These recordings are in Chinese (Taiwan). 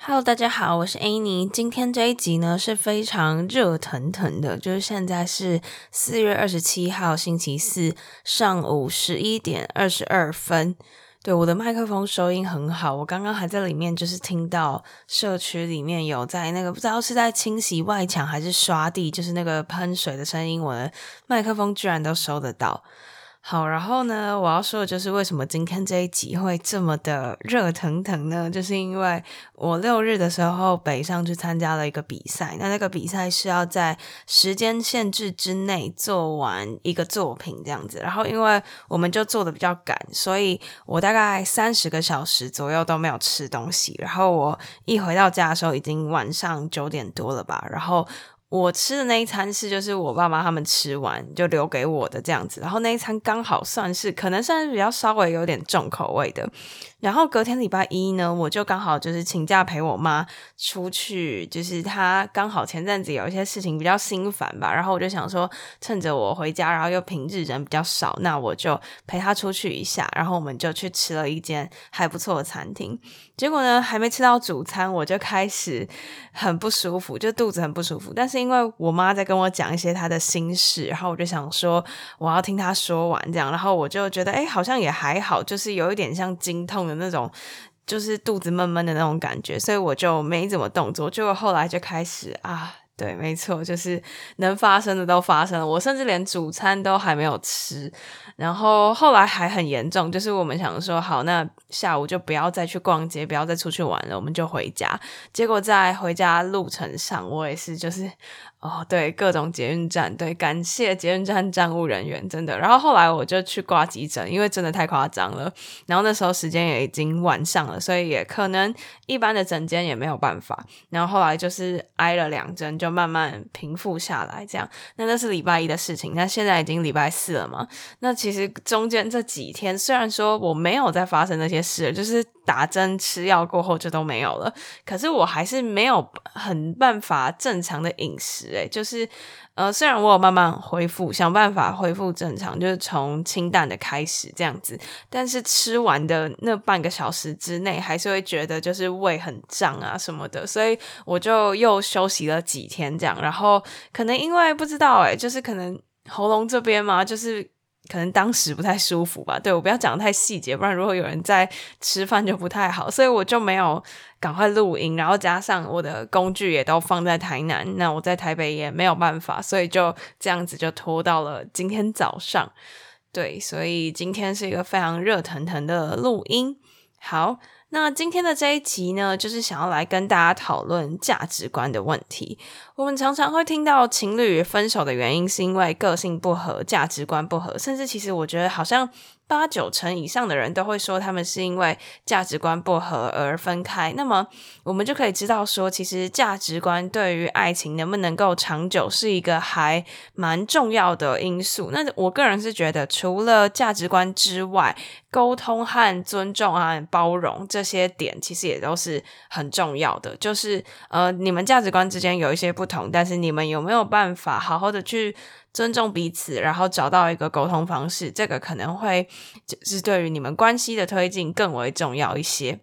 Hello，大家好，我是 Annie。今天這一集呢是非常熱騰騰的，就是現在是四月二十七號星期四上午十一點二十二分。對，我的麥克風收音很好，我剛剛還在裡面就是聽到社區裡面有在那個不知道是在清洗外牆還是刷地，就是那個噴水的聲音，我的麥克風居然都收得到。好，然後呢，我要說的就是為什麼今天這一集會這麼的熱騰騰呢？就是因為我六日的時候北上去參加了一個比賽，那那個比賽是要在時間限制之內做完一個作品這樣子。然後因為我們就做的比較趕，所以我大概三十個小時左右都沒有吃東西。然後我一回到家的時候，已經晚上九點多了吧。然後。我吃的那一餐是，就是我爸媽他們吃完就留給我的這樣子，然後那一餐剛好算是，可能算是比較稍微有點重口味的。然後隔天禮拜一呢，我就剛好就是請假陪我媽出去，就是她剛好前陣子有一些事情比較心煩吧，然後我就想說，趁着我回家，然後又平日人比較少，那我就陪她出去一下，然後我們就去吃了一間還不錯的餐廳。結果呢，還沒吃到主餐，我就開始很不舒服，就肚子很不舒服。但是因為我媽在跟我講一些她的心事，然後我就想說我要聽她說完這樣，然後我就覺得誒、欸、好像也還好，就是有一點像經痛的那種，就是肚子悶悶的那種感覺，所以我就沒怎麼動作。結果後來就開始啊。對，沒錯，就是能發生的都發生了。我甚至連主餐都還沒有吃，然後後來還很嚴重，就是我們想說，好，那下午就不要再去逛街，不要再出去玩了，我們就回家。結果在回家路程上，我也是就是。哦，對，各種捷運站，對，感謝捷運站站務人員，真的。然後後來我就去掛急診，因為真的太誇張了。然後那時候時間也已經晚上了，所以也可能一般的診間也沒有辦法。然後後來就是挨了兩針，就慢慢平復下來。這樣，那那是禮拜一的事情。那現在已經禮拜四了嘛，那其實中間這幾天雖然說我沒有再發生那些事，就是。打針吃藥過後就都沒有了，可是我還是沒有很辦法正常的飲食，欸，誒就是呃，雖然我有慢慢恢復，想辦法恢復正常，就是從清淡的開始這樣子，但是吃完的那半個小時之內，還是會覺得就是胃很脹啊什麼的，所以我就又休息了幾天這樣，然後可能因為不知道，欸，誒就是可能喉嚨這邊嘛，就是。可能當時不太舒服吧，對，我不要講太細節，不然如果有人在吃飯就不太好，所以我就沒有趕快錄音，然後加上我的工具也都放在台南，那我在台北也沒有辦法，所以就這樣子就拖到了今天早上，對，所以今天是一個非常熱騰騰的錄音，好。那今天的這一集呢，就是想要來跟大家討論價值觀的問題。我們常常會聽到情侶分手的原因是因為個性不合、價值觀不合，甚至其實我覺得好像八九成以上的人都會說他們是因為價值觀不合而分開。那麼我們就可以知道說，其實價值觀對於愛情能不能夠長久是一個還蠻重要的因素。那我個人是覺得，除了價值觀之外，溝通和尊重啊，包容這些點，其實也都是很重要的。就是呃，你們價值觀之間有一些不同，但是你們有沒有辦法好好的去尊重彼此，然後找到一個溝通方式，這個可能會就是對於你們關係的推進更為重要一些。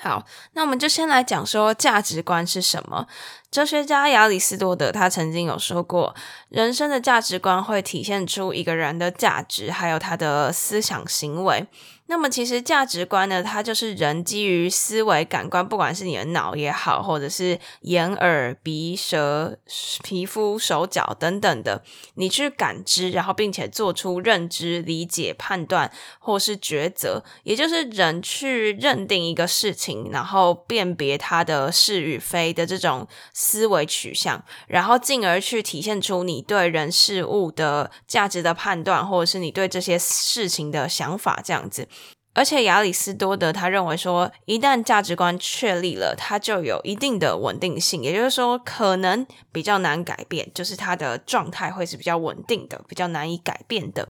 好，那我們就先來講說價值觀是什麼。哲學家亞里斯多德他曾經有說過，人生的價值觀會體現出一個人的價值，還有他的思想行為。那麼，其實價值觀呢，它就是人基於思維、感官，不管是你的腦也好，或者是眼、耳、鼻、舌、皮膚、手腳等等的，你去感知，然後並且做出認知、理解、判斷，或是抉擇，也就是人去認定一個事情，然後辨別它的是與非的這種思維取向，然後進而去體現出你對人事物的價值的判斷，或者是你對這些事情的想法這樣子。而且，亞里斯多德他認為說，一旦價值觀確立了，它就有一定的穩定性，也就是說，可能比較難改變，就是它的狀態會是比較穩定的，比較難以改變的。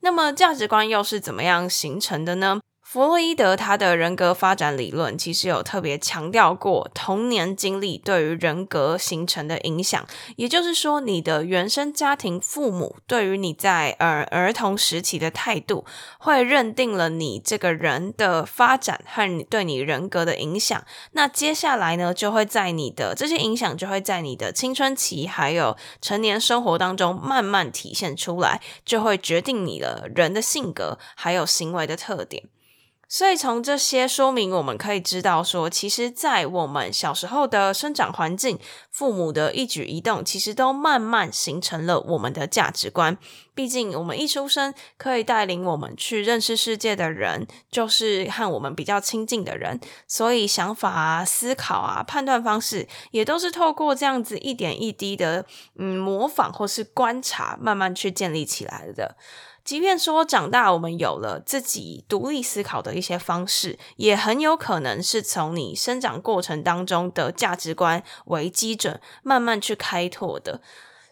那麼，價值觀又是怎麼樣形成的呢？弗洛伊德，他的人格發展理論其實有特別強調過童年經歷對於人格形成的影響，也就是說，你的原生家庭父母對於你在呃兒童時期的態度，會認定了你這個人的發展和你對你人格的影響。那接下來呢，就會在你的這些影響就會在你的青春期還有成年生活當中慢慢體現出來，就會決定你的人的性格還有行為的特點。所以從這些說明，我們可以知道說，其實，在我們小時候的生長環境，父母的一舉一動，其實都慢慢形成了我們的價值觀。畢竟，我們一出生可以帶領我們去認識世界的人，就是和我們比較親近的人，所以想法啊，思考啊、判斷方式，也都是透過這樣子一點一滴的嗯模仿或是觀察，慢慢去建立起來的。即便說長大，我們有了自己獨立思考的一些方式，也很有可能是從你生長過程當中的價值觀為基準，慢慢去開拓的。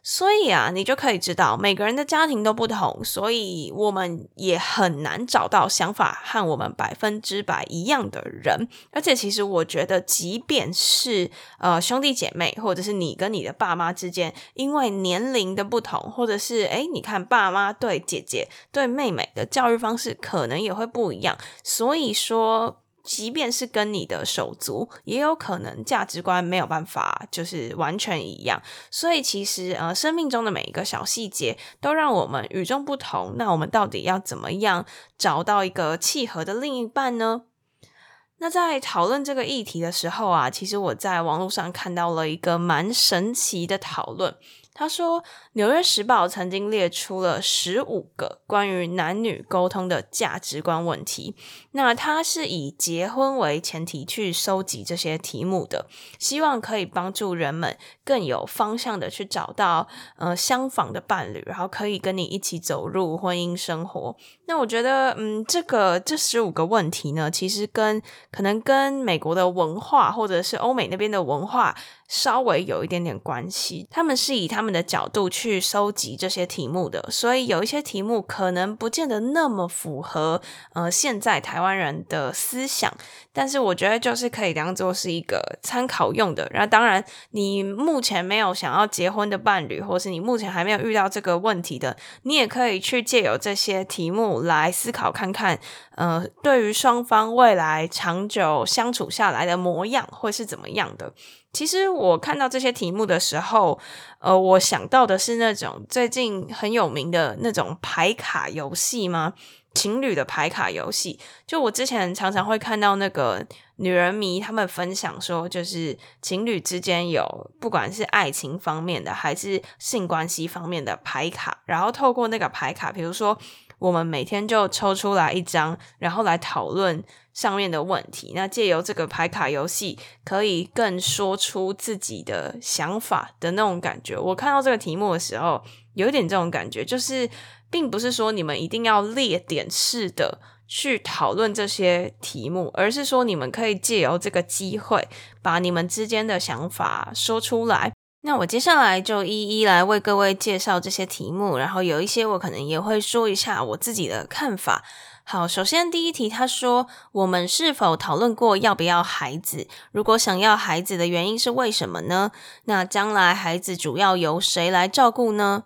所以啊，你就可以知道每個人的家庭都不同，所以我們也很難找到想法和我們百分之百一樣的人。而且，其實我覺得，即便是，呃，兄弟姐妹，或者是你跟你的爸媽之間，因為年齡的不同，或者是，誒，你看爸媽對姐姐、對妹妹的教育方式可能也會不一樣。所以說。即便是跟你的手足，也有可能價值觀沒有辦法就是完全一樣。所以其實呃，生命中的每一個小細節都讓我們與眾不同。那我們到底要怎麼樣找到一個契合的另一半呢？那在討論這個議題的時候啊，其實我在網絡上看到了一個蠻神奇的討論。他說，《紐約時報》曾經列出了十五個關於男女溝通的價值觀問題。那他是以結婚為前提去收集這些題目的，希望可以幫助人們更有方向的去找到，呃，相仿的伴侶，然後可以跟你一起走入婚姻生活。那我覺得，嗯，這個這十五個問題呢，其實跟可能跟美國的文化或者是歐美那邊的文化。稍微有一點點關係，他們是以他們的角度去收集這些題目的，所以有一些題目可能不見得那麼符合呃現在台灣人的思想，但是我覺得就是可以當做是一個參考用的。然後，當然你目前沒有想要結婚的伴侶，或是你目前還沒有遇到這個問題的，你也可以去借由這些題目來思考看看，呃，對於雙方未來長久相處下來的模樣會是怎麼樣的。其實我看到這些題目的時候，呃，我想到的是那種最近很有名的那種牌卡遊戲嗎，情侶的牌卡遊戲，就我之前常常會看到那個女人迷他們分享說，就是情侶之間有不管是愛情方面的還是性關係方面的牌卡，然後透過那個牌卡，比如說。我們每天就抽出來一張，然後來討論上面的問題。那借由這個牌卡遊戲，可以更說出自己的想法的那種感覺。我看到這個題目的時候，有點這種感覺，就是並不是說你們一定要列點式的去討論這些題目，而是說你們可以借由這個機會，把你們之間的想法說出來。那我接下來就一一來為各位介紹這些題目，然後有一些我可能也會說一下我自己的看法。好，首先第一題，他說我們是否討論過要不要孩子？如果想要孩子的原因是為什麼呢？那將來孩子主要由誰來照顧呢？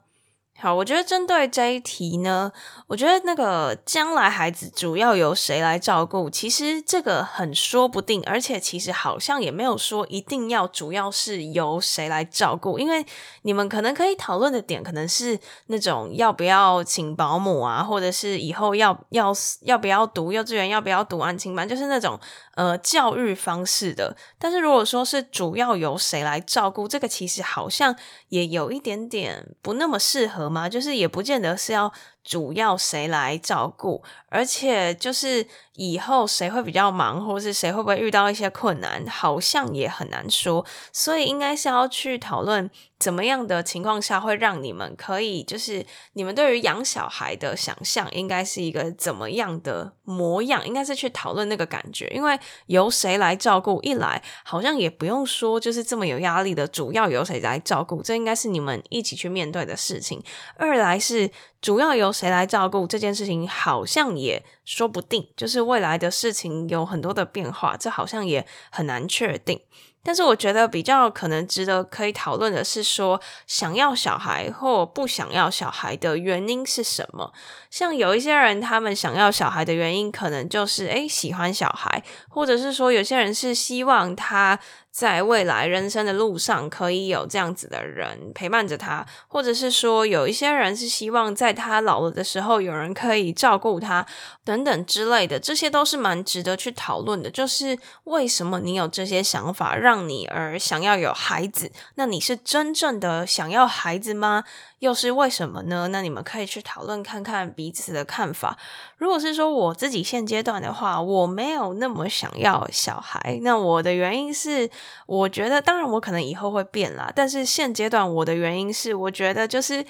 好，我覺得針對這一題呢，我覺得那個將來孩子主要由誰來照顧，其實這個很說不定，而且其實好像也沒有說一定要主要是由誰來照顧，因為你們可能可以討論的點可能是那種要不要請保姆啊，或者是以後要要要不要讀幼稚園，要不要讀安親班，就是那種呃教育方式的。但是如果說是主要由誰來照顧，這個其實好像也有一點點不那麼適合。嘛，就是也不見得是要主要誰來照顧，而且就是以後誰會比較忙，或是誰會不會遇到一些困難，好像也很難說，所以應該是要去討論。怎麼樣的情況下會讓你們可以，就是你們對於養小孩的想象，應該是一個怎麼樣的模樣？應該是去討論那個感覺，因為由誰來照顧，一來好像也不用說，就是這麼有壓力的，主要由誰來照顧，這應該是你們一起去面對的事情；二來是主要由誰來照顧這件事情，好像也說不定，就是未來的事情有很多的變化，這好像也很難確定。但是我覺得比較可能值得可以討論的是說，想要小孩或不想要小孩的原因是什麼？像有一些人，他們想要小孩的原因，可能就是誒喜歡小孩，或者是說，有些人是希望他在未來人生的路上可以有這樣子的人陪伴着他，或者是說，有一些人是希望在他老了的時候有人可以照顧他，等等之類的，這些都是蠻值得去討論的。就是為什麼你有這些想法，讓你而想要有孩子？那你是真正的想要孩子嗎？又是為什麼呢？那你們可以去討論看看彼此的看法。如果是說我自己現階段的話，我沒有那麼想要小孩。那我的原因是，我覺得當然我可能以後會變啦，但是現階段我的原因是，我覺得就是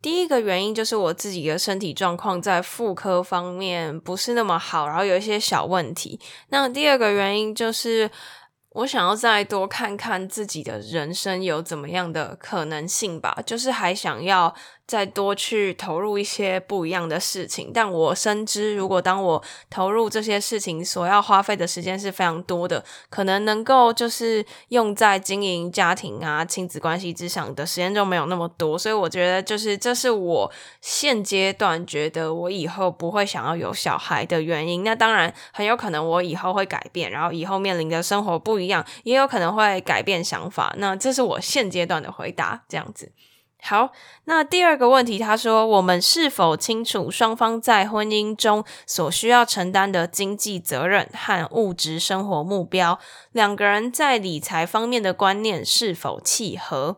第一個原因就是我自己的身體狀況在婦科方面不是那麼好，然後有一些小問題。那第二個原因就是。我想要再多看看自己的人生有怎麼樣的可能性吧，就是還想要。再多去投入一些不一樣的事情，但我深知，如果當我投入這些事情所要花費的時間是非常多的，可能能夠就是用在經營家庭啊、親子關係之上的時間就沒有那麼多。所以我覺得，就是這是我現階段覺得我以後不會想要有小孩的原因。那當然，很有可能我以後會改變，然後以後面臨的生活不一樣，也有可能會改變想法。那這是我現階段的回答，這樣子。好，那第二個問題，他說：我們是否清楚雙方在婚姻中所需要承擔的經濟責任和物質生活目標？兩個人在理財方面的觀念是否契合？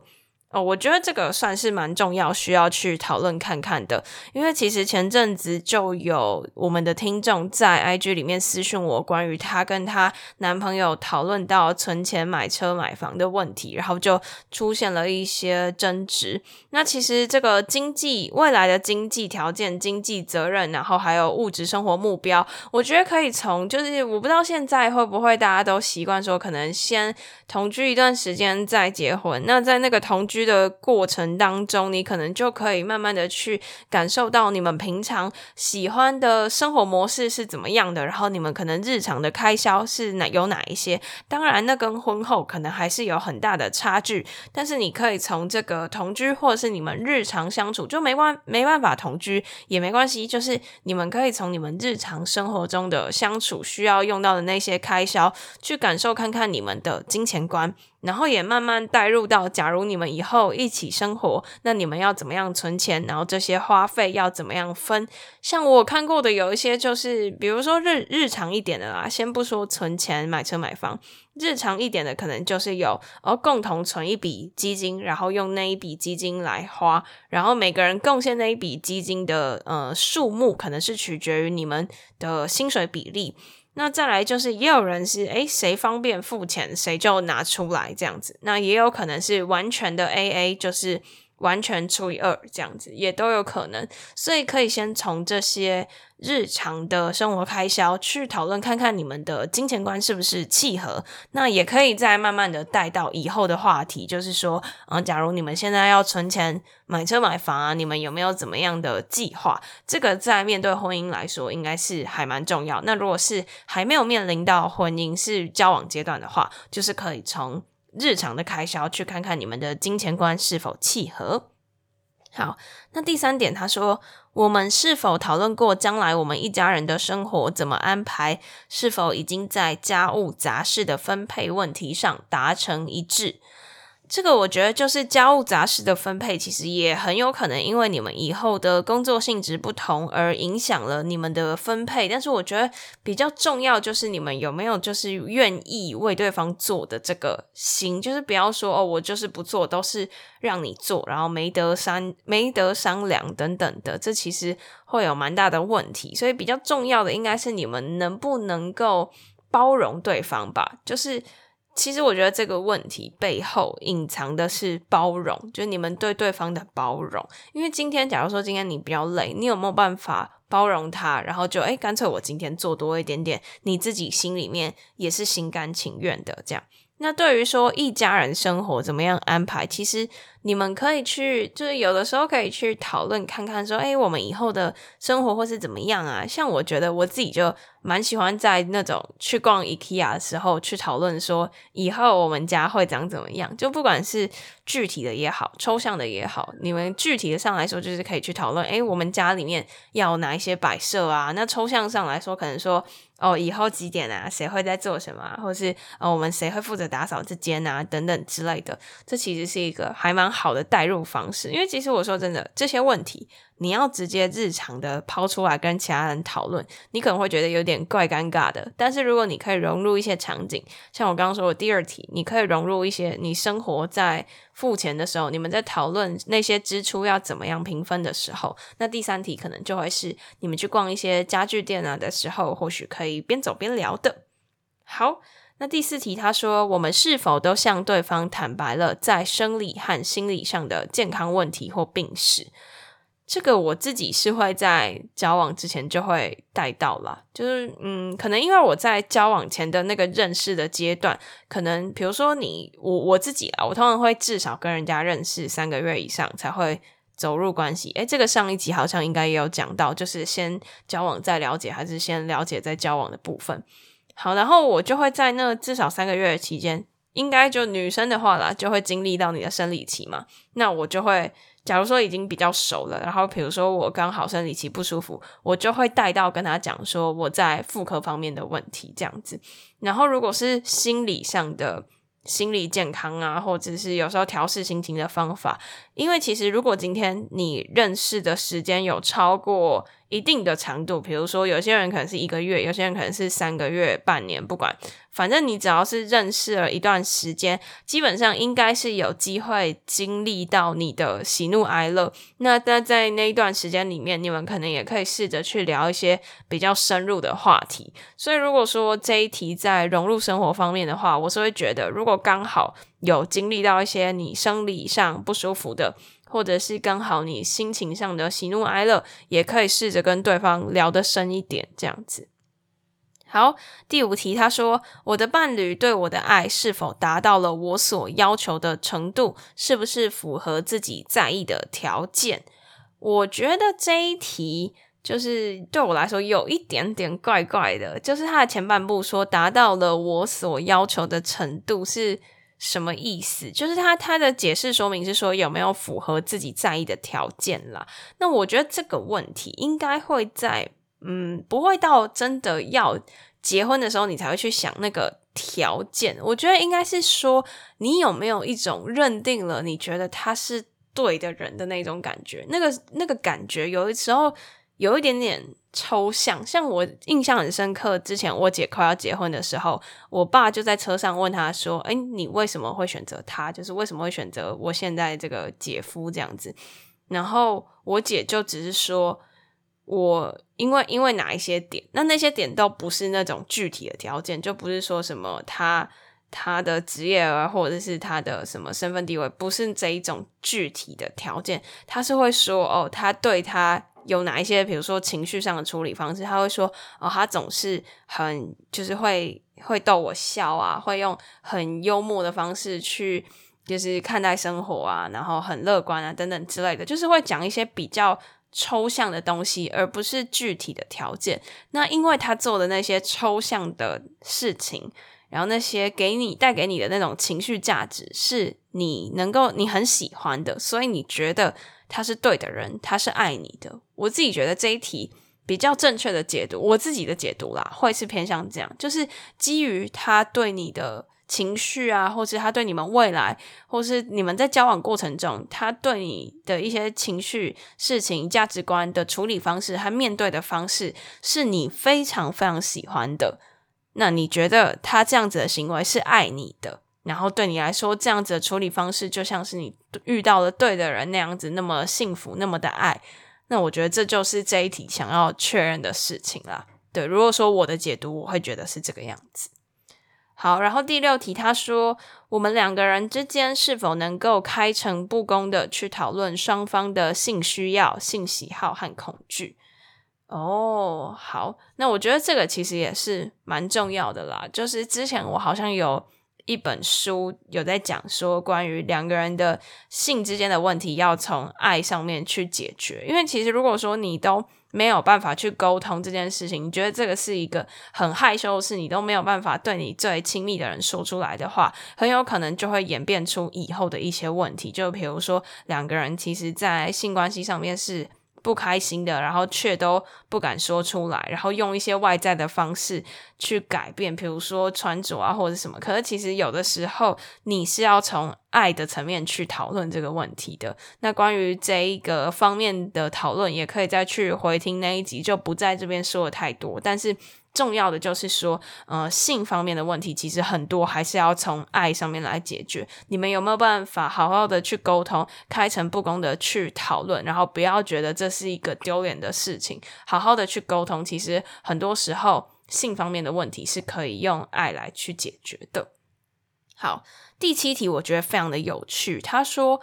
哦，我覺得這個算是蠻重要，需要去討論看看的。因為其實前陣子就有我們的聽眾在 IG 裡面私訊我，關於他跟他男朋友討論到存錢買車買房的問題，然後就出現了一些爭執。那其實這個經濟，未來的經濟條件、經濟責任，然後還有物質生活目標，我覺得可以從，就是我不知道現在會不會大家都習慣說，可能先同居一段時間再結婚。那在那個同居的過程當中，你可能就可以慢慢的去感受到你們平常喜歡的生活模式是怎麼樣的，然後你們可能日常的開銷是哪有哪一些。當然，那跟婚後可能還是有很大的差距，但是你可以從這個同居，或者是你們日常相處就沒關沒辦法同居也沒關係，就是你們可以從你們日常生活中的相處需要用到的那些開銷去感受，看看你們的金錢觀。然後也慢慢帶入到，假如你們以後一起生活，那你們要怎麼樣存錢？然後這些花費要怎麼樣分？像我看過的有一些，就是比如說日日常一點的啦，先不說存錢買車買房，日常一點的可能就是有，然後共同存一筆基金，然後用那一筆基金來花，然後每個人貢獻那一筆基金的呃數目，可能是取決於你們的薪水比例。那再來就是，也有人是誒，誰方便付錢，誰就拿出來這樣子。那也有可能是完全的 AA，就是。完全除以二，這樣子也都有可能，所以可以先從這些日常的生活開銷去討論，看看你們的金錢觀是不是契合。那也可以再慢慢的帶到以後的話題，就是說，嗯，假如你們現在要存錢買車買房啊，你們有沒有怎麼樣的計劃？這個在面對婚姻來說，應該是還蠻重要。那如果是還沒有面臨到婚姻，是交往階段的話，就是可以從。日常的開銷，去看看你們的金錢觀是否契合。好，那第三點，他說，我們是否討論過將來我們一家人的生活怎麼安排？是否已經在家務雜事的分配問題上達成一致？這個我覺得就是家務雜事的分配，其實也很有可能因為你們以後的工作性質不同而影響了你們的分配。但是我覺得比較重要就是你們有沒有就是願意為對方做的這個心，就是不要說哦我就是不做，都是讓你做，然後沒得商沒得商量等等的，這其實會有蠻大的問題。所以比較重要的應該是你們能不能夠包容對方吧，就是。其實我覺得這個問題背後隱藏的是包容，就是你們對對方的包容。因為今天，假如說今天你比較累，你有沒有辦法包容他？然後就，誒，乾脆我今天做多一點點，你自己心裡面也是心甘情願的這樣。那對於說一家人生活怎麼樣安排，其實你們可以去，就是有的時候可以去討論看看，說，哎、欸，我們以後的生活會是怎麼樣啊？像我覺得我自己就蠻喜歡在那種去逛 IKEA 的時候去討論說，以後我們家會長怎麼樣？就不管是具體的也好，抽象的也好，你們具體的上來說，就是可以去討論，哎、欸，我們家裡面要哪一些擺設啊？那抽象上來說，可能說。哦，以後幾點啊？誰會在做什麼啊？或是呃、哦，我們誰會負責打掃這間啊？等等之類的，這其實是一個還蠻好的代入方式。因為其實我說真的，這些問題，你要直接日常的拋出來跟其他人討論，你可能會覺得有點怪尷尬的。但是如果你可以融入一些場景，像我剛剛說的第二題，你可以融入一些你生活在付錢的時候，你們在討論那些支出要怎麼樣平分的時候，那第三題可能就會是你們去逛一些家具店啊的時候，或許可以邊走邊聊的。好，那第四題他說，我們是否都向對方坦白了在生理和心理上的健康問題或病史？這個我自己是會在交往之前就會帶到啦，就是嗯，可能因為我在交往前的那個認識的階段，可能比如說你我、我自己啦，我通常會至少跟人家認識三個月以上才會走入關係。誒，這個上一集好像應該也有講到，就是先交往再了解，還是先了解再交往的部分。好，然後我就會在那至少三個月的期間，應該就女生的話啦，就會經歷到你的生理期嘛，那我就會。假如說已經比較熟了，然後比如說我剛好生理期不舒服，我就會帶到跟他講說我在婦科方面的問題這樣子。然後如果是心理上的心理健康啊，或者是有時候調適心情的方法，因為其實如果今天你認識的時間有超過。一定的長度，比如說有些人可能是一個月，有些人可能是三個月、半年，不管，反正你只要是認識了一段時間，基本上應該是有機會經歷到你的喜怒哀樂。那但在那一段時間裡面，你們可能也可以試着去聊一些比較深入的話題。所以，如果說這一題在融入生活方面的話，我是會覺得，如果剛好有經歷到一些你生理上不舒服的。或者是剛好你心情上的喜怒哀樂，也可以試着跟對方聊得深一點，這樣子。好，第五題，他說：“我的伴侶對我的愛是否達到了我所要求的程度？是不是符合自己在意的條件？”我覺得這一題就是對我來說有一點點怪怪的，就是他的前半部說達到了我所要求的程度是。什麼意思？就是他他的解釋說明是說有沒有符合自己在意的條件啦。那我覺得這個問題應該會在嗯，不會到真的要結婚的時候你才會去想那個條件。我覺得應該是說你有沒有一種認定了，你覺得他是對的人的那種感覺？那個那個感覺，有的時候。有一點點抽象，像我印象很深刻，之前我姐快要結婚的時候，我爸就在車上問他說：“欸，你為什麼會選擇他？就是為什麼會選擇我現在這個姐夫這樣子？”然後我姐就只是說：“我因為因為哪一些點？那那些點都不是那種具體的條件，就不是說什麼他他的職業啊，或者是他的什麼身份地位，不是這一種具體的條件。他是會說哦，他對他。”有哪一些，比如說情緒上的處理方式，他會說，哦，他總是很就是會會逗我笑啊，會用很幽默的方式去就是看待生活啊，然後很樂觀啊等等之類的，就是會講一些比較抽象的東西，而不是具體的條件。那因為他做的那些抽象的事情，然後那些給你帶給你的那種情緒價值，是你能夠你很喜歡的，所以你覺得他是對的人，他是愛你的。我自己覺得這一題比較正確的解讀，我自己的解讀啦，會是偏向這樣，就是基於他對你的情緒啊，或是他對你們未來，或是你們在交往過程中，他對你的一些情緒、事情、價值觀的處理方式和面對的方式，是你非常非常喜歡的。那你覺得他這樣子的行為是愛你的，然後對你來說，這樣子的處理方式就像是你遇到了對的人那樣子，那麼幸福，那麼的愛。那我覺得這就是這一題想要確認的事情啦。對，如果說我的解讀，我會覺得是這個樣子。好，然後第六題它，他說我們兩個人之間是否能夠開誠布公的去討論雙方的性需要、性喜好和恐懼？哦、oh，好，那我覺得這個其實也是蠻重要的啦。就是之前我好像有。一本書有在講說，關於兩個人的性之間的問題，要從愛上面去解決。因為其實如果說你都沒有辦法去溝通這件事情，你覺得這個是一個很害羞的事，你都沒有辦法對你最親密的人說出來的話，很有可能就會演變出以後的一些問題。就比如說，兩個人其實，在性關係上面是。不開心的，然後卻都不敢說出來，然後用一些外在的方式去改變，比如說穿着啊或者什麼。可是其實有的時候，你是要從。愛的層面去討論這個問題的。那關於這一個方面的討論，也可以再去回聽那一集，就不在這邊說了太多。但是重要的就是說，呃，性方面的問題，其實很多還是要從愛上面來解決。你們有沒有辦法好好的去溝通，開誠布公的去討論，然後不要覺得這是一個丟臉的事情，好好的去溝通。其實很多時候，性方面的問題是可以用愛來去解決的。好，第七題我覺得非常的有趣。他說：“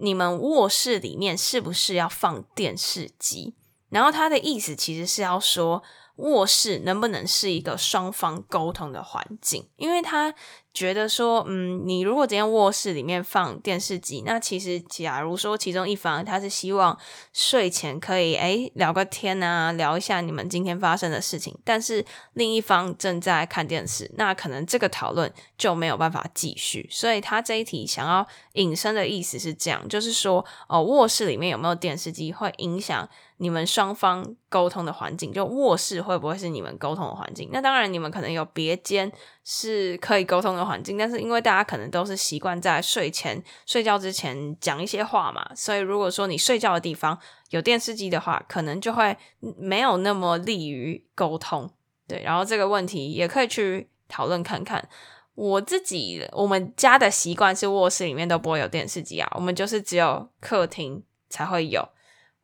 你們臥室裡面是不是要放電視機？”然後他的意思其實是要說。臥室能不能是一個雙方溝通的環境？因為他覺得說，嗯，你如果今天臥室裡面放電視機，那其實假如說其中一方他是希望睡前可以誒聊個天啊，聊一下你們今天發生的事情，但是另一方正在看電視，那可能這個討論就沒有辦法繼續。所以他這一題想要引申的意思是這樣，就是說，哦、呃，臥室裡面有沒有電視機會影響。你們雙方溝通的環境，就臥室會不會是你們溝通的環境？那當然，你們可能有別間是可以溝通的環境，但是因為大家可能都是習慣在睡前睡覺之前講一些話嘛，所以如果說你睡覺的地方有電視機的話，可能就會沒有那麼利於溝通。對，然後這個問題也可以去討論看看。我自己我們家的習慣是臥室裡面都不會有電視機啊，我們就是只有客廳才會有。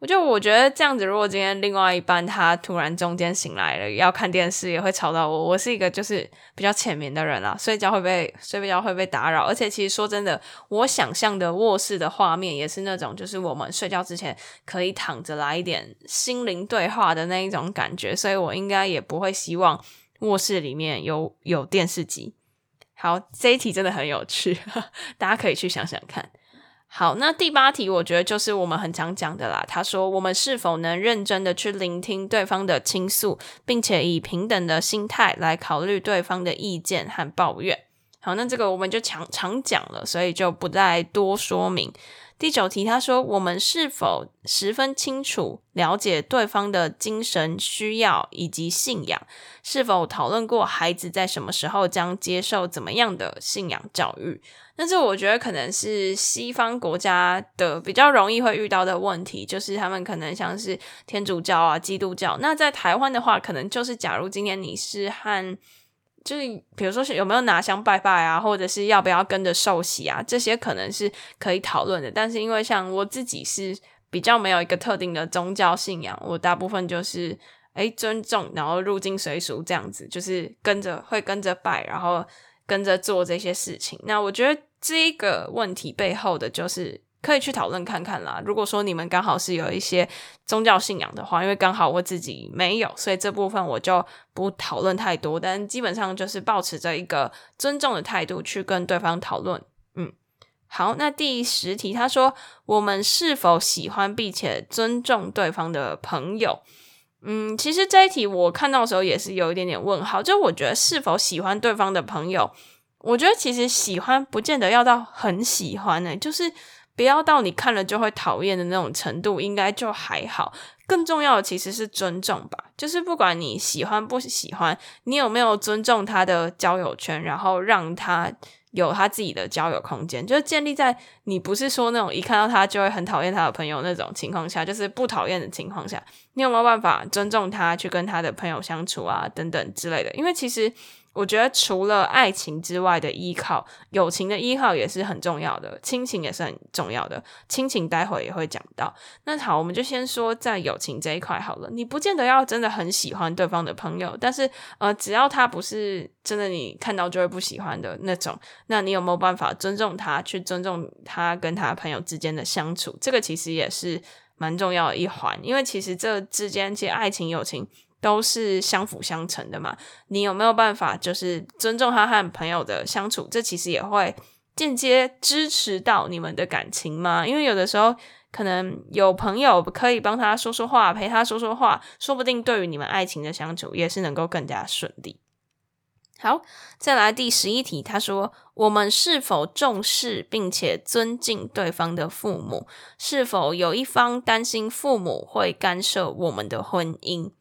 就我覺得這樣子，如果今天另外一半他突然中間醒來了要看電視，也會吵到我。我是一個就是比較淺眠的人啊，睡覺會被睡覺會被打擾。而且其實說真的，我想象的臥室的畫面也是那種，就是我們睡覺之前可以躺着來一點心靈對話的那一種感覺。所以我應該也不會希望臥室裡面有有電視機。好，這一題真的很有趣，呵呵，大家可以去想想看。好，那第八題我覺得就是我們很常講的啦。他說，我們是否能認真的去聆聽對方的傾訴，並且以平等的心態來考慮對方的意見和抱怨？好，那這個我們就常常講了，所以就不再多說明。第九題，他說：“我們是否十分清楚了解對方的精神需要以及信仰？是否討論過孩子在什麼時候將接受怎麼樣的信仰教育？”但是我覺得可能是西方國家的比較容易會遇到的問題，就是他們可能像是天主教啊、基督教。那在台灣的話，可能就是假如今天你是和……就是，比如說，是有沒有拿香拜拜啊，或者是要不要跟着受洗啊，這些可能是可以討論的。但是，因為像我自己是比較沒有一個特定的宗教信仰，我大部分就是誒、欸、尊重，然後入境隨俗這樣子，就是跟着會跟着拜，然後跟着做這些事情。那我覺得這一個問題背後的就是。可以去討論看看啦。如果說你們剛好是有一些宗教信仰的話，因為剛好我自己沒有，所以這部分我就不討論太多。但基本上就是抱持著一個尊重的態度去跟對方討論。嗯，好，那第十題，他說：“我們是否喜歡並且尊重對方的朋友？”嗯，其實這一題我看到的時候也是有一點點問號，就我覺得是否喜歡對方的朋友，我覺得其實喜歡不見得要到很喜歡呢、欸，就是。不要到你看了就會討厭的那種程度，應該就還好。更重要的其實是尊重吧，就是不管你喜歡不喜歡，你有沒有尊重他的交友圈，然後讓他有他自己的交友空間，就是建立在你不是說那種一看到他就會很討厭他的朋友那種情況下，就是不討厭的情況下，你有沒有辦法尊重他去跟他的朋友相處啊，等等之類的。因為其實。我覺得除了愛情之外的依靠，友情的依靠也是很重要的，親情也是很重要的。親情待會兒也會講到。那好，我們就先說在友情這一塊好了。你不見得要真的很喜歡對方的朋友，但是呃，只要他不是真的你看到就會不喜歡的那種，那你有沒有辦法尊重他，去尊重他跟他朋友之間的相處？這個其實也是蠻重要的一環，因為其實這之間，其實愛情、友情。都是相輔相成的嘛。你有沒有辦法就是尊重他和朋友的相處？這其實也會間接支持到你們的感情嗎？因為有的時候可能有朋友可以幫他說說話，陪他說說話，說不定對於你們愛情的相處也是能夠更加順利。好，再來第十一題。他說：我們是否重視並且尊敬對方的父母？是否有一方擔心父母會干涉我們的婚姻？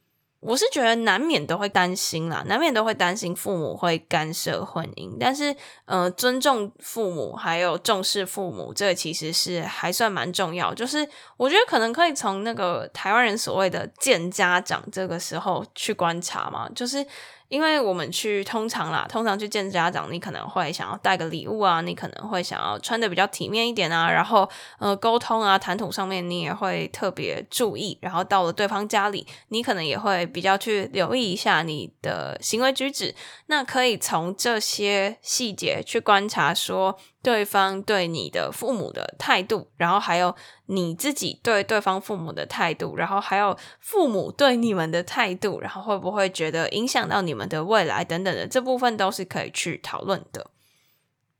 我是覺得難免都會擔心啦，難免都會擔心父母會干涉婚姻，但是，呃，尊重父母還有重視父母，這個其實是還算蠻重要。就是我覺得可能可以從那個台灣人所謂的見家長這個時候去觀察嘛，就是。因為我們去通常啦，通常去見家長，你可能會想要帶個禮物啊，你可能會想要穿得比較體面一點啊，然後呃溝通啊談吐上面你也會特別注意，然後到了對方家裡，你可能也會比較去留意一下你的行為舉止，那可以從這些細節去觀察說。對方對你的父母的態度，然後還有你自己對對方父母的態度，然後還有父母對你們的態度，然後會不會覺得影響到你們的未來等等的，這部分都是可以去討論的。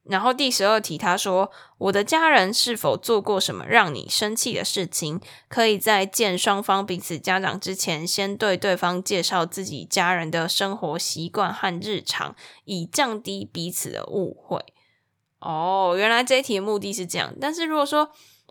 然後第十二題，他說：“我的家人是否做過什麼讓你生氣的事情？可以在見雙方彼此家長之前，先對對方介紹自己家人的生活習慣和日常，以降低彼此的誤會。”哦，原來這一題的目的是這樣。但是如果說，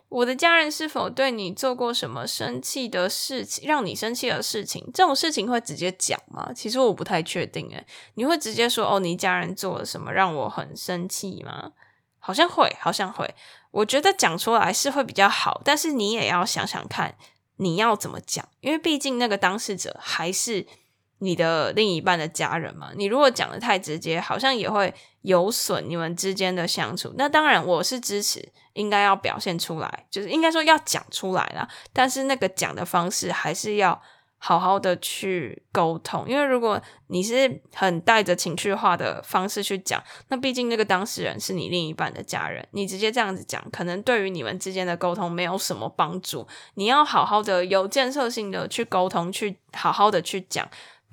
我的家人是否對你做過什麼生氣的事情，讓你生氣的事情，這種事情會直接講嗎？其實我不太確定誒。你會直接說哦，你家人做了什麼讓我很生氣嗎？好像會，好像會。我覺得講出來是會比較好，但是你也要想想看你要怎麼講，因為畢竟那個當事者還是。你的另一半的家人嘛，你如果講的太直接，好像也會有損你們之間的相處。那當然，我是支持應該要表現出來，就是應該說要講出來啦。但是那個講的方式還是要好好的去溝通，因為如果你是很帶着情緒化的方式去講，那畢竟那個當事人是你另一半的家人，你直接這樣子講，可能對於你們之間的溝通沒有什麼幫助。你要好好的、有建設性的去溝通，去好好的去講。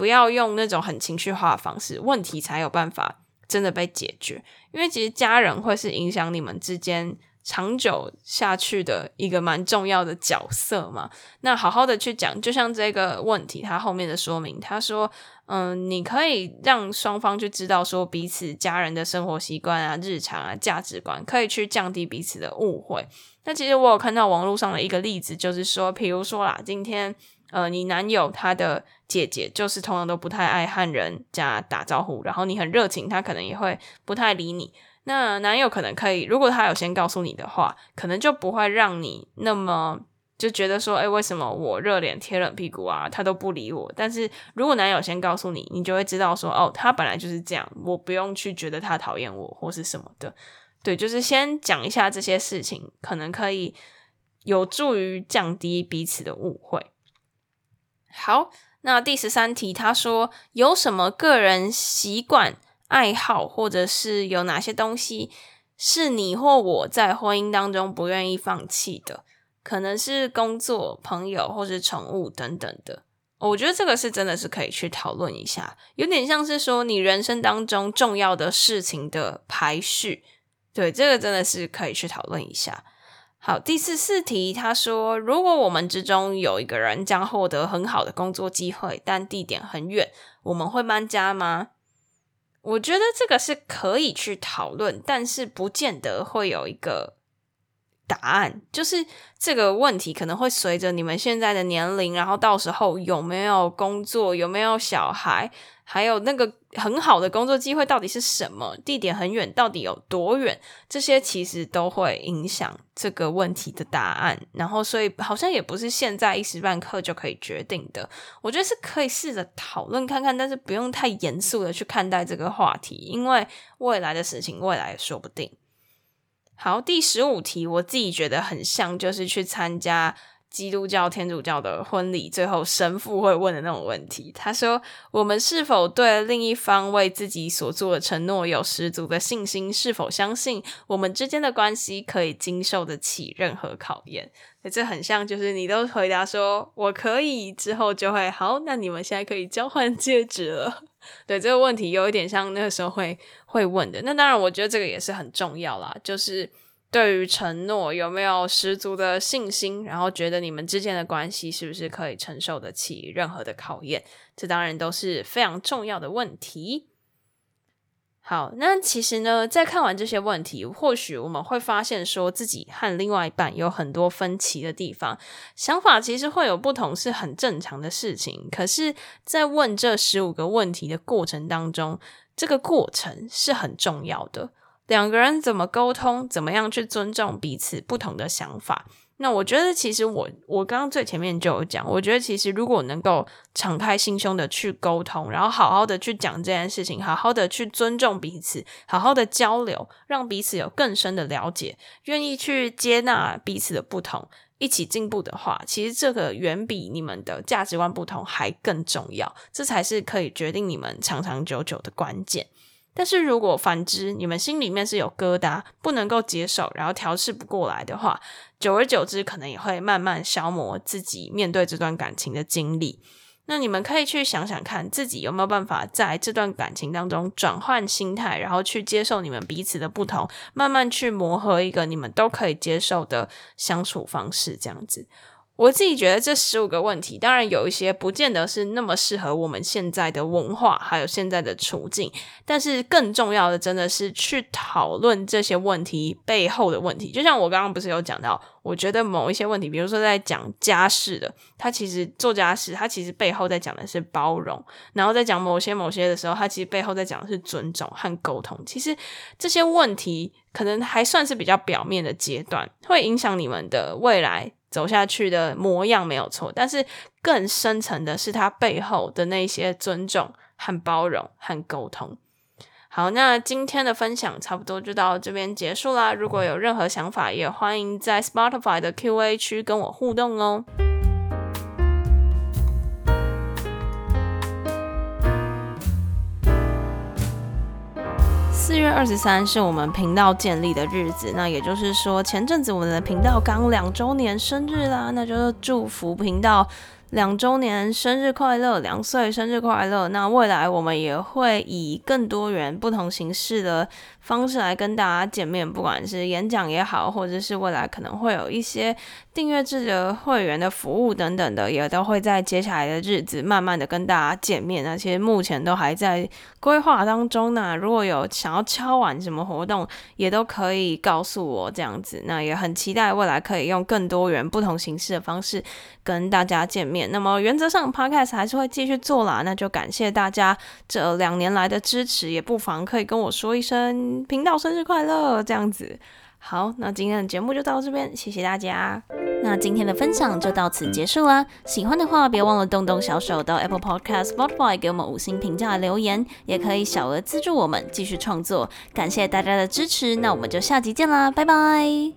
不要用那種很情緒化的方式，問題才有辦法真的被解決。因為其實家人會是影響你們之間長久下去的一個蠻重要的角色嘛。那好好的去講，就像這個問題它後面的說明，它說，嗯，你可以讓雙方去知道說彼此家人的生活習慣啊、日常啊、價值觀，可以去降低彼此的誤會。那其實我有看到網絡上的一個例子，就是說，譬如說啦，今天。呃，你男友他的姐姐就是通常都不太愛和人家打招呼，然後你很熱情，他可能也會不太理你。那男友可能可以，如果他有先告訴你的話，可能就不會讓你那麼就覺得說，哎、欸，為什麼我熱臉貼冷屁股啊，他都不理我？但是如果男友先告訴你，你就會知道說，哦，他本來就是這樣，我不用去覺得他討厭我或是什麼的。對，就是先講一下這些事情，可能可以有助於降低彼此的誤會。好，那第十三題，他說有什麼個人習慣、愛好，或者是有哪些東西是你或我在婚姻當中不願意放棄的？可能是工作、朋友或是寵物等等的。哦，我覺得這個是真的是可以去討論一下，有點像是說你人生當中重要的事情的排序。對，這個真的是可以去討論一下。好，第四、四題，他說，如果我們之中有一個人將獲得很好的工作機會，但地點很遠，我們會搬家嗎？我覺得這個是可以去討論，但是不見得會有一個答案，就是這個問題可能會隨着你們現在的年齡，然後到時候有沒有工作，有沒有小孩。還有那個很好的工作機會，到底是什麼？地點很遠，到底有多遠？這些其實都會影響這個問題的答案。然後，所以好像也不是現在一時半刻就可以決定的。我覺得是可以試着討論看看，但是不用太嚴肅的去看待這個話題，因為未來的事情，未來也說不定。好，第十五題，我自己覺得很像，就是去參加。基督教、天主教的婚禮最後神父會問的那種問題，他說：“我們是否對另一方為自己所做的承諾有十足的信心？是否相信我們之間的關係可以經受得起任何考驗？”對，這很像，就是你都回答說我可以之後，就會好。那你們現在可以交換戒指了。對，這個問題有一點像那個時候會會問的。那當然，我覺得這個也是很重要啦，就是。對於承諾有沒有十足的信心，然後覺得你們之間的關係是不是可以承受得起任何的考驗，這當然都是非常重要的問題。好，那其實呢，在看完這些問題，或許我們會發現說自己和另外一半有很多分歧的地方，想法其實會有不同，是很正常的事情。可是，在問這十五個問題的過程當中，這個過程是很重要的。兩個人怎麼溝通，怎麼樣去尊重彼此不同的想法。那我覺得其實我，我剛剛最前面就有講，我覺得其實如果能夠敞開心胸的去溝通，然後好好的去講這件事情，好好的去尊重彼此，好好的交流，讓彼此有更深的了解，願意去接納彼此的不同，一起進步的話，其實這個遠比你們的價值觀不同還更重要，這才是可以決定你們長長久久的關鍵。但是如果反之，你們心裡面是有疙瘩，不能夠接受，然後調適不過來的話，久而久之，可能也會慢慢消磨自己面對這段感情的精力。那你們可以去想想看，自己有沒有辦法在這段感情當中轉換心態，然後去接受你們彼此的不同，慢慢去磨合一個你們都可以接受的相處方式，這樣子。我自己覺得這十五個問題，當然有一些不見得是那麼適合我們現在的文化，還有現在的處境。但是更重要的，真的是去討論這些問題背後的問題。就像我剛剛不是有講到，我覺得某一些問題，比如說在講家事的，他其實做家事，他其實背後在講的是包容，然後在講某些某些的時候，他其實背後在講的是尊重和溝通。其實這些問題可能還算是比較表面的階段，會影響你們的未來走下去的模樣沒有錯，但是更深層的是他背後的那些尊重、和包容、和溝通。好，那今天的分享差不多就到這邊結束啦。如果有任何想法，也歡迎在 Spotify 的 Q&A 區跟我互動哦、喔。四月二十三是我們頻道建立的日子，那也就是說，前陣子我們的頻道剛兩週年生日啦，那就祝福頻道。兩周年生日快樂，兩歲生日快樂。那未來我們也會以更多元、不同形式的方式來跟大家見面，不管是演講也好，或者是未來可能會有一些訂閱制的會員的服務等等的，也都會在接下來的日子慢慢的跟大家見面。那其實目前都還在規劃當中呢，啊。如果有想要敲碗什麼活動，也都可以告訴我這樣子。那也很期待未來可以用更多元、不同形式的方式跟大家見面。那麼原則上，Podcast 還是會繼續做啦。那就感謝大家這兩年來的支持，也不妨可以跟我說一聲頻道生日快樂這樣子。好，那今天的節目就到這邊，謝謝大家。那今天的分享就到此結束啦。喜歡的話，別忘了動動小手到 Apple Podcast、Spotify 給我們五星評價的留言，也可以小額資助我們繼續創作。感謝大家的支持，那我們就下集見啦，拜拜。